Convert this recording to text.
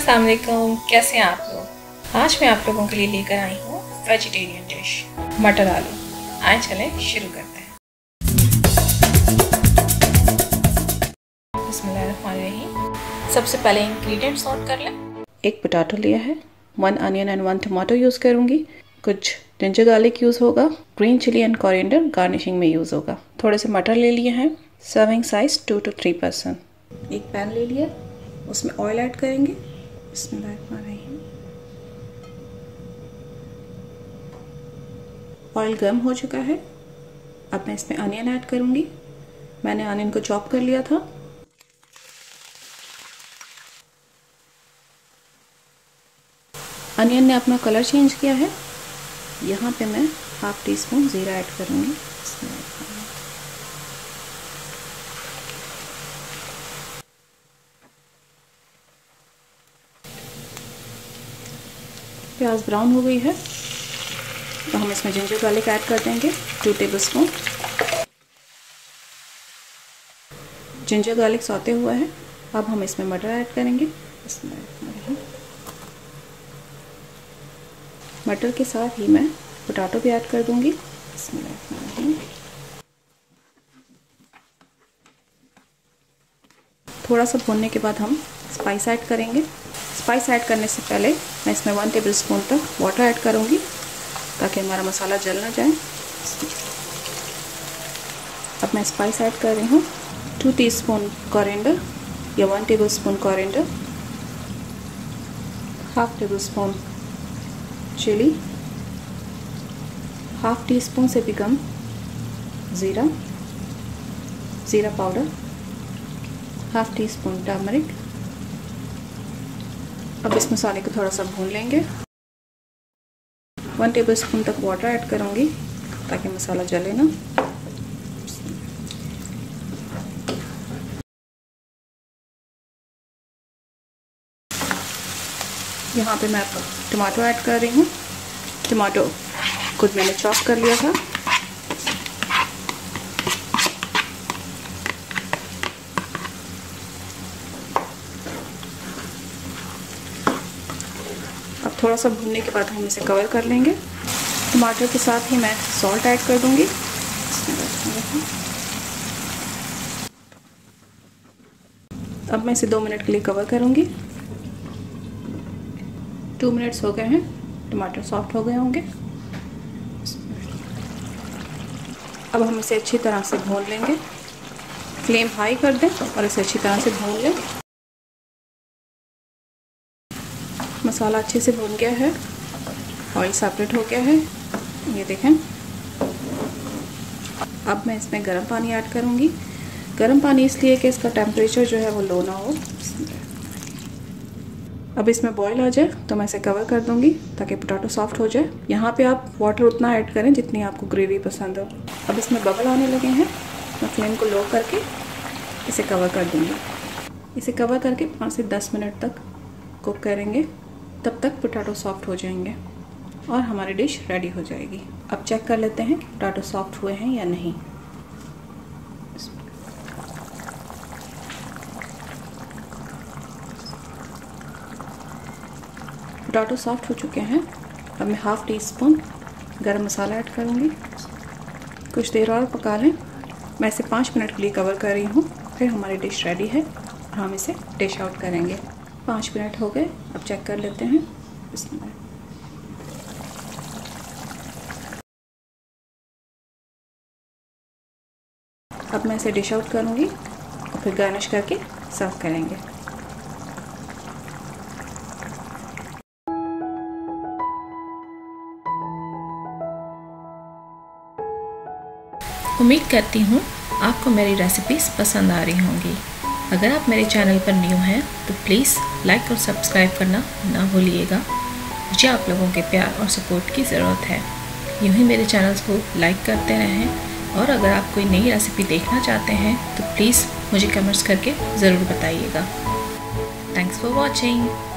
अस्सलाम वालेकुम कैसे हैं आप लोग आज मैं आप लोगों के लिए लेकर आई हूँ वेजिटेरियन डिश मटर आलू आए चले शुरू करते हैं सबसे पहले इंग्रेडिएंट्स नोट कर लें एक पोटैटो लिया है one onion and one tomato use करूँगी कुछ जिंजर गार्लिक यूज़ होगा green chilli and coriander garnishing में यूज़ होगा थोड़े से मटर ले लिए हैं serving size two to three percent एक पैन ले लिया उसमें ऑयल ऐड करेंगे हूँ ऑयल गर्म हो चुका है अब मैं इसमें अनियन ऐड करूँगी मैंने अनियन को चॉप कर लिया था अनियन ने अपना कलर चेंज किया है यहाँ पे मैं हाफ टी स्पून ज़ीरा ऐड करूँगी इसमें प्याज ब्राउन हो गई है तो हम इसमें जिंजर गार्लिक ऐड कर देंगे two tablespoon ginger garlic saute हुआ है अब हम इसमें मटर ऐड करेंगे इसमें मटर के साथ ही मैं पोटाटो भी ऐड कर दूंगी इसमें थोड़ा सा भूनने के बाद हम स्पाइस ऐड करेंगे स्पाइस ऐड करने से पहले मैं इसमें वन टेबल स्पून तक वाटर ऐड करूँगी ताकि हमारा मसाला जल ना जाए अब मैं स्पाइस ऐड कर रही हूँ टू टी स्पून कॉरेंडर या one tablespoon coriander half tablespoon chilli half teaspoon से भी कम ज़ीरा ज़ीरा powder half teaspoon turmeric अब इस मसाले को थोड़ा सा भून लेंगे वन टेबल स्पून तक वाटर ऐड करूँगी ताकि मसाला जले ना यहाँ पे मैं टमाटो ऐड कर रही हूँ टमाटो खुद मैंने चॉप कर लिया था थोड़ा सा भूनने के बाद हम इसे कवर कर लेंगे टमाटर के साथ ही मैं सॉल्ट ऐड कर दूंगी अब मैं इसे दो मिनट के लिए कवर करूँगी टू मिनट्स हो गए हैं टमाटर सॉफ्ट हो गए होंगे अब हम इसे अच्छी तरह से भून लेंगे फ्लेम हाई कर दें और इसे अच्छी तरह से भून लें मसाला अच्छे से भून गया है ऑयल सेपरेट हो गया है ये देखें अब मैं इसमें गर्म पानी ऐड करूँगी गर्म पानी इसलिए कि इसका टेम्परेचर जो है वो लो ना हो अब इसमें बॉईल आ जाए तो मैं इसे कवर कर दूँगी ताकि पोटैटो सॉफ्ट हो जाए यहाँ पे आप वाटर उतना ऐड करें जितनी आपको ग्रेवी पसंद हो अब इसमें बबल आने लगे हैं मैं फ्लेम को लो करके इसे कवर कर दूँगी इसे कवर करके पाँच से दस मिनट तक कुक करेंगे तब तक पोटैटो सॉफ्ट हो जाएंगे और हमारी डिश रेडी हो जाएगी अब चेक कर लेते हैं कि पोटैटो सॉफ्ट हुए हैं या नहीं पोटाटो सॉफ्ट हो चुके हैं अब मैं हाफ़ टी स्पून गर्म मसाला ऐड करूँगी कुछ देर और पका लें मैं इसे पाँच मिनट के लिए कवर कर रही हूँ फिर हमारी डिश रेडी है और हम इसे डिश आउट करेंगे पाँच मिनट हो गए अब चेक कर लेते हैं इसमें अब मैं इसे डिश आउट करूँगी और फिर गार्निश करके सर्व करेंगे उम्मीद करती हूँ आपको मेरी रेसिपीज़ पसंद आ रही होंगी अगर आप मेरे चैनल पर न्यू हैं तो प्लीज़ लाइक और सब्सक्राइब करना ना भूलिएगा मुझे आप लोगों के प्यार और सपोर्ट की ज़रूरत है यूँ ही मेरे चैनल्स को लाइक करते रहें और अगर आप कोई नई रेसिपी देखना चाहते हैं तो प्लीज़ मुझे कमेंट्स करके ज़रूर बताइएगा थैंक्स फॉर वॉचिंग